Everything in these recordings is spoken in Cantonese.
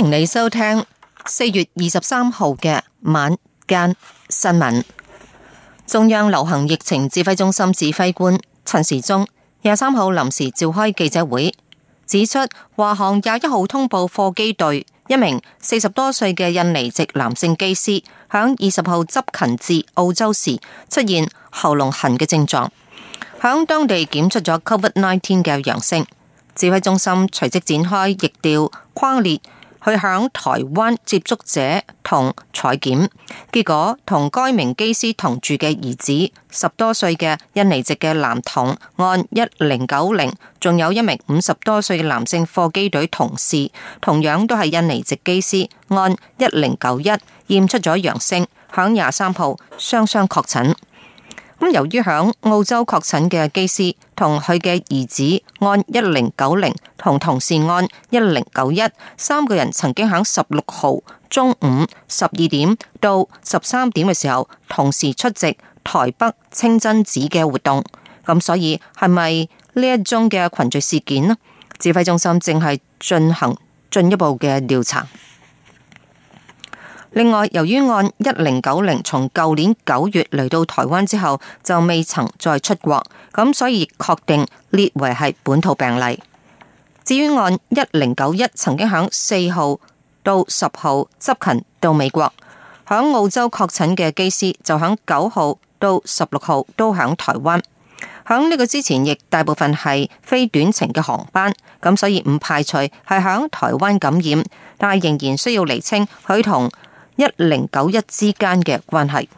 歡迎你收聽四月二十三號嘅晚間新聞。中央流行疫情指揮中心指揮官陳時中廿三號臨時召開記者會，指出華航廿一號通報貨機隊一名四十多歲嘅印尼籍男性機師，響二十號執勤至澳洲時出現喉嚨痕嘅症狀，響當地檢出咗 COVID nineteen 嘅陽性。指揮中心隨即展開疫調框列。佢喺台灣接觸者同採檢，結果同該名機師同住嘅兒子十多歲嘅印尼籍嘅男童按一零九零，仲有一名五十多歲嘅男性貨機隊同事，同樣都係印尼籍機師按一零九一驗出咗陽性，響廿三號雙雙確診。由於響澳洲確診嘅機師，同佢嘅兒子案一零九零，同同事案一零九一，三個人曾經響十六號中午十二點到十三點嘅時候，同時出席台北清真寺嘅活動。咁所以係咪呢一宗嘅群聚事件呢？指揮中心正係進行進一步嘅調查。另外，由於案一零九零從舊年九月嚟到台灣之後就未曾再出國，咁所以確定列為係本土病例。至於案一零九一曾經響四號到十號執勤到美國，響澳洲確診嘅機師就響九號到十六號都響台灣，響呢個之前亦大部分係非短程嘅航班，咁所以唔排除係響台灣感染，但係仍然需要釐清佢同一零九一之間嘅關係，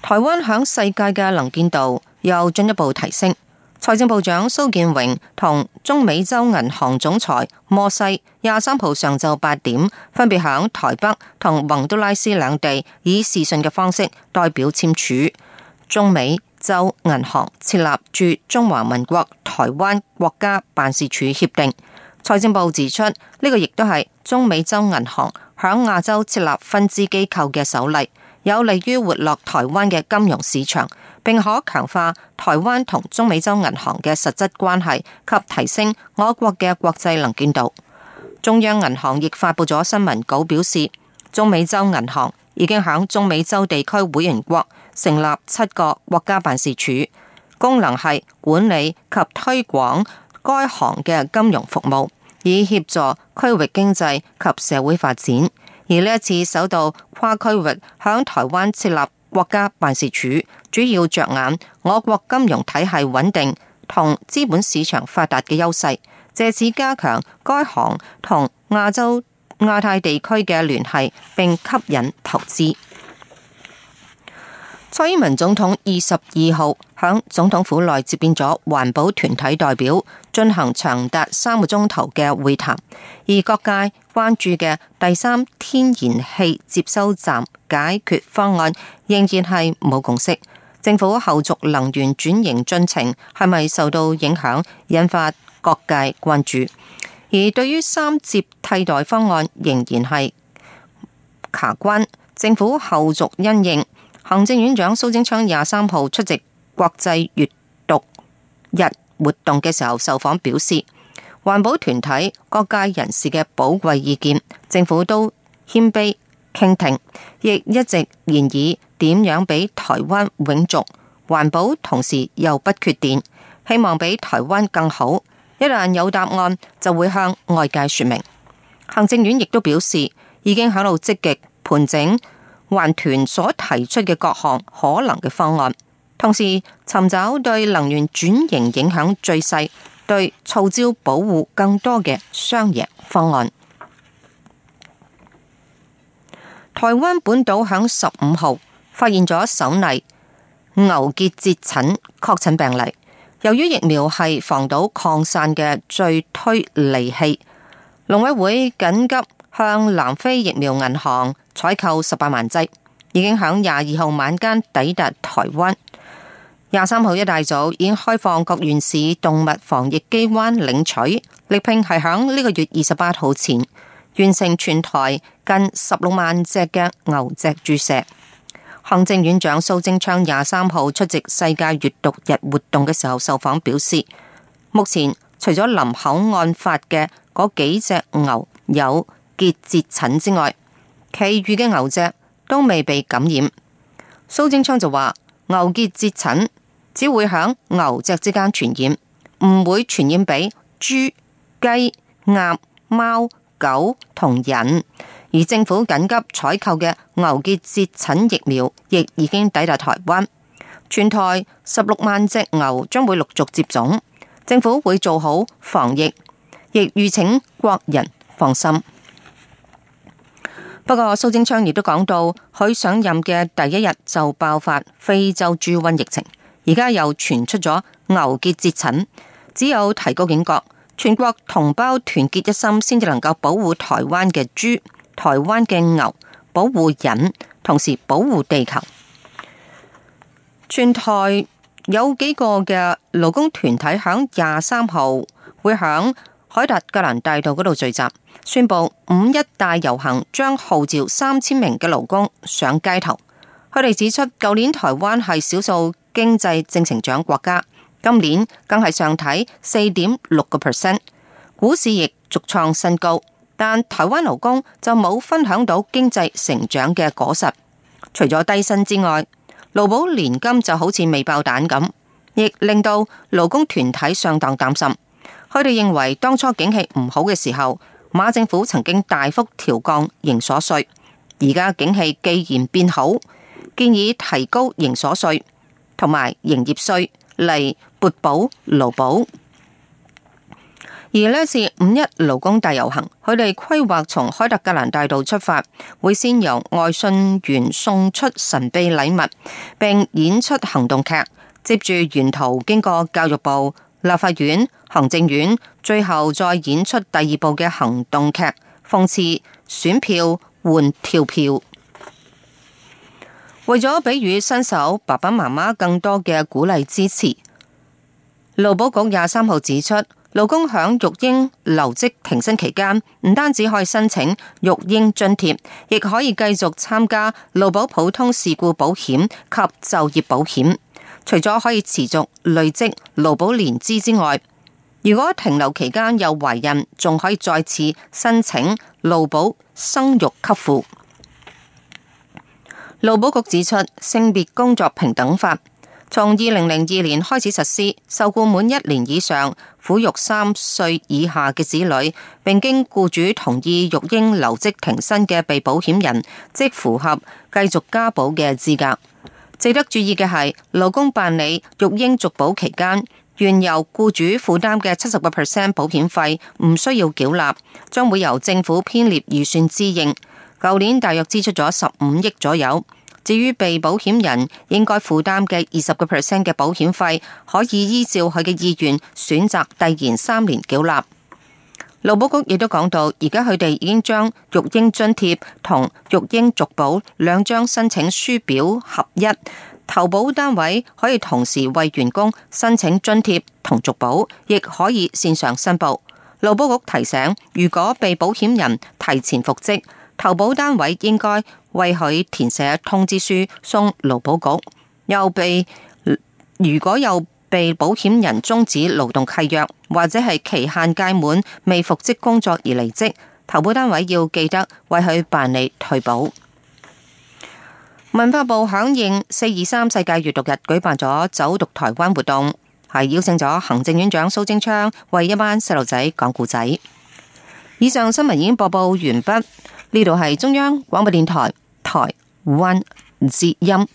台灣響世界嘅能見度又進一步提升。財政部長蘇建榮同中美洲銀行總裁摩西廿三號上晝八點，分別響台北同宏都拉斯兩地，以視訊嘅方式代表簽署中美洲銀行設立駐中華民國台灣國家辦事處協定。財政部指出，呢、這個亦都係中美洲銀行。響亞洲設立分支機構嘅首例，有利於活絡台灣嘅金融市場，並可強化台灣同中美洲銀行嘅實質關係及提升我國嘅國際能見度。中央銀行亦發布咗新聞稿，表示中美洲銀行已經喺中美洲地區會員國成立七個國家辦事處，功能係管理及推廣該行嘅金融服務。以協助區域經濟及社會發展，而呢一次首度跨區域響台灣設立國家辦事處，主要着眼我國金融體系穩定同資本市場發達嘅優勢，借此加強該行同亞洲亞太地區嘅聯繫，並吸引投資。蔡英文總統二十二號響總統府內接見咗環保團體代表，進行長達三個鐘頭嘅會談。而各界關注嘅第三天然氣接收站解決方案仍然係冇共識，政府後續能源轉型進程係咪受到影響，引發各界關注。而對於三接替代方案仍然係卡關，政府後續因應。行政院長蘇貞昌廿三號出席國際閱讀日活動嘅時候，受訪表示，環保團體各界人士嘅寶貴意見，政府都謙卑傾聽，亦一直研議點樣俾台灣永續環保，同時又不缺電，希望比台灣更好。一旦有答案，就會向外界說明。行政院亦都表示，已經喺度積極盤整。環團所提出嘅各項可能嘅方案，同時尋找對能源轉型影響最細、對藻礁保護更多嘅雙贏方案。台灣本島響十五號發現咗首例牛結節疹確診病例，由於疫苗係防堵擴散嘅最推利器，農委會緊急。向南非疫苗銀行採購十八萬劑，已經喺廿二號晚間抵達台灣。廿三號一大早已經開放各縣市動物防疫機關領取。力拼係響呢個月二十八號前完成全台近十六萬隻嘅牛隻注射。行政院長蘇貞昌廿三號出席世界閱讀日活動嘅時候，受訪表示，目前除咗林口案發嘅嗰幾隻牛有。結節疹之外，其餘嘅牛隻都未被感染。蘇貞昌就話：牛結節疹只會響牛隻之間傳染，唔會傳染俾豬、雞、鴨、貓、狗同人。而政府緊急採購嘅牛結節疹疫苗亦已經抵達台灣，全台十六萬隻牛將會陸續接種。政府會做好防疫，亦籲請國人放心。不過蘇貞昌亦都講到，佢上任嘅第一日就爆發非洲豬瘟疫情，而家又傳出咗牛結節疹，只有提高警覺，全國同胞團結一心，先至能夠保護台灣嘅豬、台灣嘅牛，保護人，同時保護地球。全台有幾個嘅勞工團體響廿三號會響凱達格蘭大道嗰度聚集，宣布五一大遊行將號召三千名嘅勞工上街頭。佢哋指出，舊年台灣係少數經濟正成長國家，今年更係上睇四點六個 percent，股市亦續創新高，但台灣勞工就冇分享到經濟成長嘅果實。除咗低薪之外，勞保年金就好似未爆彈咁，亦令到勞工團體相當擔心。佢哋認為當初景氣唔好嘅時候，馬政府曾經大幅調降營所稅，而家景氣既然變好，建議提高營所稅同埋營業稅嚟撥補勞保。而呢次五一勞工大遊行，佢哋規劃從凱達格蘭大道出發，會先由外信員送出神秘禮物，並演出行動劇，接住沿途經過教育部。立法院、行政院，最後再演出第二部嘅行動劇，諷刺選票換跳票。為咗俾予新手爸爸媽媽更多嘅鼓勵支持，勞保局廿三號指出，勞工響育嬰留職停薪期間，唔單止可以申請育嬰津貼，亦可以繼續參加勞保普通事故保險及就業保險。除咗可以持續累積勞保年資之外，如果停留期間有懷孕，仲可以再次申請勞保生育給付。勞保局指出，《性別工作平等法》從二零零二年開始實施，受雇滿一年以上、撫育三歲以下嘅子女，並經雇主同意育嬰留職停薪嘅被保險人，即符合繼續加保嘅資格。值得注意嘅係，勞工辦理育嬰續保期間，原由雇主負擔嘅七十個 percent 保險費唔需要繳納，將會由政府編列預算支應。舊年大約支出咗十五億左右。至於被保險人應該負擔嘅二十個 percent 嘅保險費，可以依照佢嘅意願選擇遞延三年繳納。勞保局亦都講到，而家佢哋已經將育嬰津貼同育嬰續保兩張申請書表合一，投保單位可以同時為員工申請津貼同續保，亦可以線上申報。勞保局提醒，如果被保險人提前復職，投保單位應該為佢填寫通知書送勞保局。又被如果又被保險人終止勞動契約。或者係期限屆滿未復職工作而離職，投保單位要記得為佢辦理退保。文化部響應四二三世界閱讀日，舉辦咗走讀台灣活動，係邀請咗行政院長蘇貞昌為一班細路仔講故仔。以上新聞已經播報完畢，呢度係中央廣播電台台灣之音。